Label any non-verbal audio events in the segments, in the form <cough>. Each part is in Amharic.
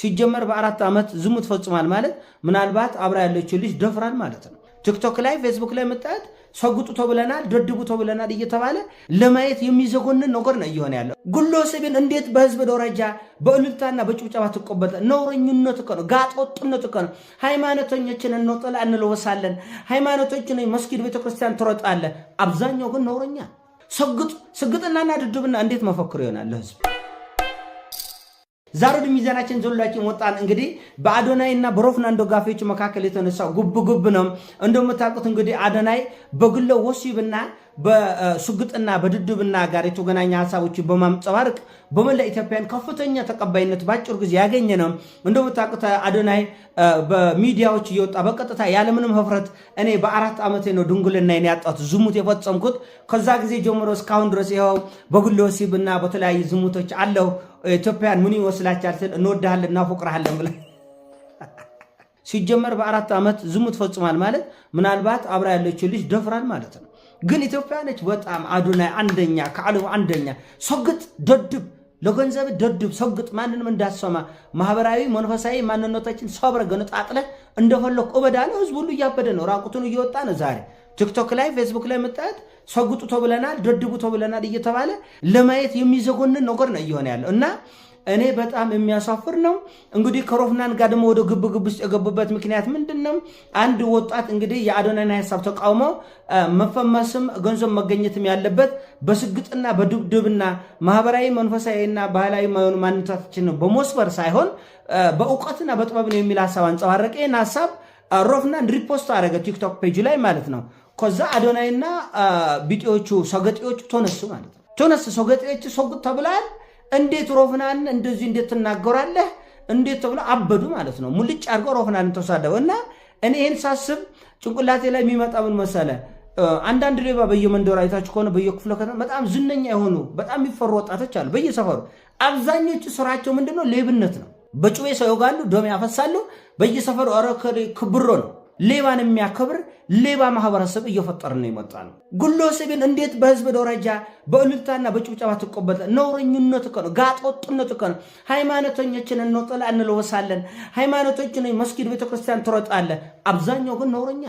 ሲጀመር በአራት ዓመት ዝሙት ፈጽሟል ማለት ምናልባት አብራ ያለችው ልጅ ደፍራል ማለት ነው። ቲክቶክ ላይ ፌስቡክ ላይ መጣት ሰጉጡቶ ብለናል፣ ደድቡቶ ብለናል እየተባለ ለማየት የሚዘጎንን ነገር ነው እየሆነ ያለው። ጉሎ ሰብን እንዴት በህዝብ ደረጃ በእልልታና በጭብጨባ ትቆበጠ? ነውረኝነት እኮ ነው፣ ጋጠወጥነት እኮ ነው። ሃይማኖተኞችን እንወጠላ እንለወሳለን፣ ሃይማኖቶችን መስጊድ ቤተክርስቲያን ትረጣለ። አብዛኛው ግን ነውረኛ ስግጥናና ድድብና እንዴት መፈክር ይሆናል ለህዝብ ዛሬ ወደ ሚዛናችን ዘላችን ወጣን። እንግዲህ በአዶናይ እና በሮፍናን ደጋፊዎች መካከል የተነሳው ጉብ ጉብ ነው። እንደምታውቁት እንግዲህ አዶናይ በግሎ ወሲብና በሱግጥና በድድብና ጋር የተገናኘ ሀሳቦችን በማንጸባረቅ በመላ ኢትዮጵያን ከፍተኛ ተቀባይነት በአጭር ጊዜ ያገኘ ነው። እንደምታውቁት አዶናይ በሚዲያዎች እየወጣ በቀጥታ ያለምንም ህፍረት እኔ በአራት ዓመቴ ነው ድንጉልናዬን ያጣት ዝሙት የፈጸምኩት ከዛ ጊዜ ጀምሮ እስካሁን ድረስ ይኸው በግል ወሲብና በተለያዩ ዝሙቶች አለው። ኢትዮጵያን ምን ይወስላቻል ስል እንወድሃለን እናፈቅርሃለን ብለ ሲጀመር በአራት ዓመት ዝሙት ፈጽሟል ማለት ምናልባት አብራ ያለችው ልጅ ደፍራል ማለት ነው። ግን ኢትዮጵያ ነች በጣም አዱናይ አንደኛ ከዓለም አንደኛ። ሰግጥ ደድብ፣ ለገንዘብ ደድብ ሰግጥ፣ ማንንም እንዳሰማ ማህበራዊ መንፈሳዊ ማንነታችን ሰብረ ገነጣጥለ እንደፈለግ እበዳ ነው። ህዝብ ሁሉ እያበደ ነው። ራቁቱን እየወጣ ነው ዛሬ ቲክቶክ ላይ ፌስቡክ ላይ መጣት ሰጉጡ ተብለናል፣ ደድቡ ተብለናል እየተባለ ለማየት የሚዘጎንን ነገር ነው እየሆነ ያለው እና እኔ በጣም የሚያሳፍር ነው። እንግዲህ ከሮፍናን ጋር ደግሞ ወደ ግብግብ ውስጥ የገቡበት ምክንያት ምንድን ነው? አንድ ወጣት እንግዲህ የአዶናን ሀሳብ ተቃውሞ መፈመስም ገንዘብ መገኘትም ያለበት በስግጥና በድብድብና ማህበራዊ መንፈሳዊና ባህላዊ የሆኑ ማንነታችን በመስበር ሳይሆን በእውቀትና በጥበብ ነው የሚል ሀሳብ አንጸባረቀ። ይህን ሀሳብ ሮፍናን ሪፖስት አደረገ ቲክቶክ ፔጅ ላይ ማለት ነው። ከዛ አዶናይና ቢጤዎቹ ሰገጤዎቹ ተነሱ ማለት ነው። ተነሱ ሰገጤዎች ሰጉጥ ተብላል እንዴት ሮፍናን እንደዚህ እንዴት ትናገራለህ? እንዴት ተብሎ አበዱ ማለት ነው። ሙልጭ አድርገው ሮፍናን ተሳደበ እና እኔ ይህን ሳስብ ጭንቅላቴ ላይ የሚመጣ ምን መሰለ፣ አንዳንድ ሌባ በየመንደሩ አይታችሁ ከሆነ በየክፍለ ከተማ በጣም ዝነኛ የሆኑ በጣም የሚፈሩ ወጣቶች አሉ በየሰፈሩ። አብዛኞቹ ስራቸው ምንድነው? ሌብነት ነው። በጩቤ ሰው ይወጋሉ፣ ደም ያፈሳሉ። በየሰፈሩ ኧረ ክብሮ ነው ሌባን የሚያከብር ሌባ ማህበረሰብ እየፈጠር ነው የመጣ ነው። ግለሰብን እንዴት በህዝብ ደረጃ በእልልታና በጭብጨባ ትቆበል? ነውረኝነት እኮ ነው፣ ጋጠወጥነት እኮ ነው። ሃይማኖተኞችን እንውጥላ እንለወሳለን፣ ሃይማኖቶችን መስጊድ፣ ቤተክርስቲያን ትረጣለ። አብዛኛው ግን ነውረኛ።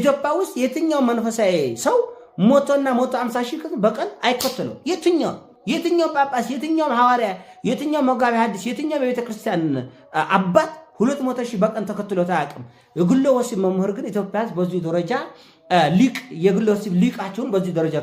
ኢትዮጵያ ውስጥ የትኛው መንፈሳዊ ሰው ሞቶና ሞቶ አምሳ ሺህ በቀን አይከተለው የትኛው የትኛው ጳጳስ፣ የትኛው ሐዋርያ፣ የትኛው መጋቢ ሐዲስ፣ የትኛው የቤተክርስቲያን አባት ሁለት መቶ ሺህ በቀን ተከትሎት አያውቅም። የግሎ ወሲብ መምህር ግን ኢትዮጵያ ውስጥ በዚህ ደረጃ ሊቅ የግሎ ወሲብ ሊቃቸውን በዚህ ደረጃ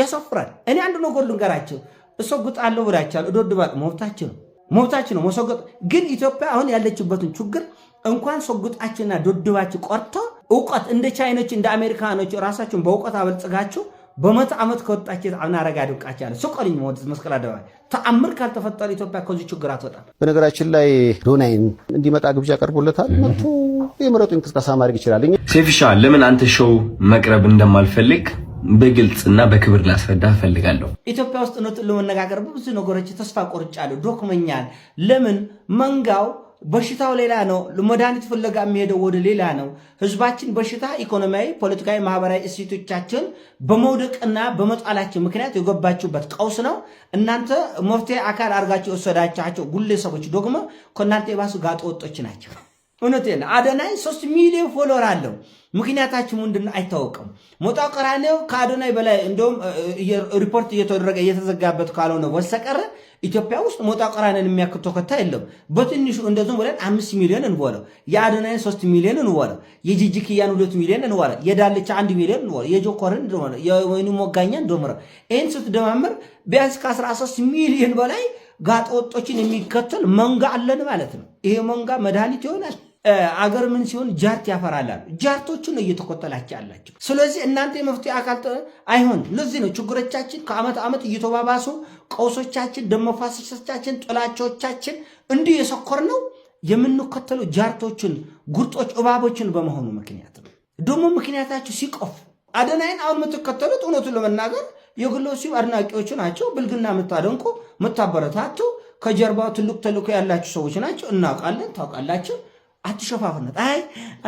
ያሳፍራል። እኔ አንድ ነገር ልንገራቸው፣ እሰጉጣለሁ ብላችኋል። እዶድባቅ መብታችን ነው መብታችን ነው መሰገጥ። ግን ኢትዮጵያ አሁን ያለችበትን ችግር እንኳን ሰጉጣችንና ዶድባችን ቆርተው እውቀት እንደ ቻይኖች እንደ አሜሪካኖች ራሳችሁን በእውቀት አበልጽጋችሁ በመቶ ዓመት ከወጣች አናረጋ ድብቃች ያለ ስቆልኝ ወደት መስቀል አደባባይ ተአምር ካልተፈጠረ ኢትዮጵያ ከዚህ ችግር አትወጣም። በነገራችን ላይ ዶናይን እንዲመጣ ግብዣ ቀርቦለታል። መጥቶ የምረጡ እንቅስቃሴ ማድረግ ይችላል። ሴፍሻ ለምን አንተ ሸው መቅረብ እንደማልፈልግ በግልጽና በክብር ላስረዳ እፈልጋለሁ። ኢትዮጵያ ውስጥ እውነቱን ለመነጋገር በብዙ ነገሮች ተስፋ ቆርጫለሁ፣ ዶክመኛል። ለምን መንጋው በሽታው ሌላ ነው። መድኃኒት ፍለጋ የሚሄደው ወደ ሌላ ነው። ህዝባችን በሽታ ኢኮኖሚያዊ፣ ፖለቲካዊ፣ ማህበራዊ እሴቶቻችን በመውደቅና በመጣላችን ምክንያት የገባችሁበት ቀውስ ነው። እናንተ መፍትሄ አካል አድርጋችሁ የወሰዳችኋቸው ግለሰቦች ደግሞ ከእናንተ የባሱ ጋጠ ወጦች ናቸው። እውነት ነው። አዶናይ ሶስት ሚሊዮን ፎሎወር አለው። ምክንያታችሁ ምንድን ነው አይታወቅም። ሞጣ ቀራኔው ከአዶናይ በላይ እንደውም ሪፖርት እየተደረገ እየተዘጋበት ካልሆነ በስተቀር ኢትዮጵያ ውስጥ ሞጣ ቀራንን የሚያክል ተከታይ የለም። በትንሹ እንደዚም ብለን አምስት ሚሊዮን እንበለው፣ የአደናይን ሶስት ሚሊዮን እንበለው፣ የጂጂክያን ሁለት ሚሊዮን እንበለው፣ የዳልቻ አንድ ሚሊዮን እንበለው፣ የጆኮርን እንደሆነ የወይኑ ሞጋኛ እንደምረ ይህን ስትደማምር ቢያንስ ከ13 ሚሊዮን በላይ ጋጠወጦችን የሚከተል መንጋ አለን ማለት ነው። ይሄ መንጋ መድኃኒት ይሆናል። አገር ምን ሲሆን ጃርት ያፈራላሉ። ጃርቶቹን እየተኮተላቸው ያላቸው። ስለዚህ እናንተ የመፍትሄ አካል አይሆን። ለዚህ ነው ችግሮቻችን ከአመት ዓመት እየተባባሱ ቀውሶቻችን፣ ደመፋሰሶቻችን፣ መፋሰሶቻችን፣ ጥላቻዎቻችን እንዲህ የሰኮር ነው የምንከተለው ጃርቶችን፣ ጉርጦች፣ እባቦችን በመሆኑ ምክንያት ነው። ደግሞ ምክንያታችሁ ሲቆፍ አደናይን አሁን የምትከተሉት እውነቱን ለመናገር የግሎሲ አድናቂዎቹ ናቸው። ብልግና የምታደንቁ የምታበረታቱ ከጀርባው ትልቅ ተልዕኮ ያላችሁ ሰዎች ናቸው። እናውቃለን፣ ታውቃላችሁ። አትሸፋፍነት። አይ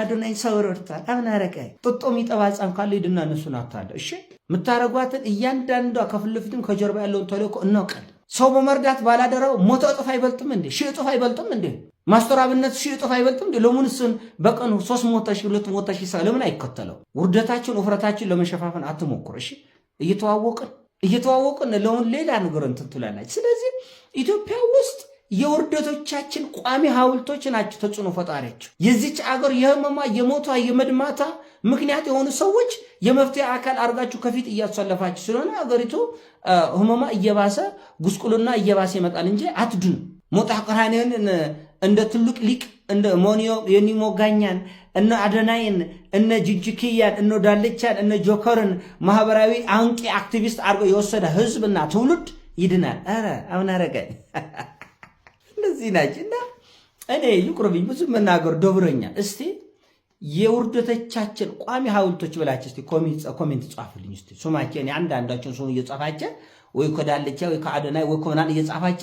አዶናይ ሰው ረድታል አምን አረቀ ጡጦ የሚጠባ ሕፃን ካለ ሂድና እነሱን አታለ። እሺ የምታረጓትን እያንዳንዷ ከፍልፊትም ከጀርባ ያለውን ተልእኮ እናውቃለን። ሰው በመርዳት ባላደራው ሞተ እጥፍ አይበልጥም እንዴ? ሺህ እጥፍ አይበልጥም እንዴ? ማስተራብነት ሺህ እጥፍ አይበልጥም እንዴ? ለምን እሱን በቀኑ ሶስት ሞተ ሺህ ሁለት ሞተ ሺህ ለምን አይከተለው? ውርደታችን ውፍረታችን ለመሸፋፈን አትሞክር። እሺ እየተዋወቅን እየተዋወቅን ለምን ሌላ ነገር እንትን ትላላችሁ? ስለዚህ ኢትዮጵያ ውስጥ የውርደቶቻችን ቋሚ ሐውልቶች ናቸው ተጽዕኖ ፈጣሪያቸው። የዚች አገር የህመማ የሞቷ የመድማታ ምክንያት የሆኑ ሰዎች የመፍትሄ አካል አድርጋችሁ ከፊት እያሰለፋችሁ ስለሆነ አገሪቱ ህመማ እየባሰ ጉስቁልና እየባሰ ይመጣል እንጂ አትድኑ። ሞጣ ቀራንዮን እንደ ትልቅ ሊቅ እንደ ዮኒ ሞጋኛን እነ አደናይን እነ ጅጅክያን እነ ዳልቻን እነ ጆከርን ማህበራዊ አንቂ አክቲቪስት አድርገው የወሰደ ህዝብና ትውልድ ይድናል። አሁን አረጋኝ <laughs> ናች እና እኔ ይቁርብኝ ብዙ መናገር ደብሮኛል። እስቲ የውርደቶቻችን ቋሚ ሀውልቶች ብላችሁ እስቲ ኮሜንት ጻፉልኝ። እስቲ ስማችሁ እኔ አንዳንዳችሁን ስሙ እየጻፋችሁ ወይ ከዳልቻ ወይ ከአደናይ ወይ ከምናን እየጻፋቸ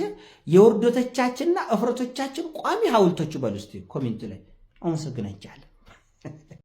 የውርደቶቻችንና እፍረቶቻችን ቋሚ ሀውልቶች በሉ እስቲ ኮሜንት ላይ። አመሰግናችኋለሁ።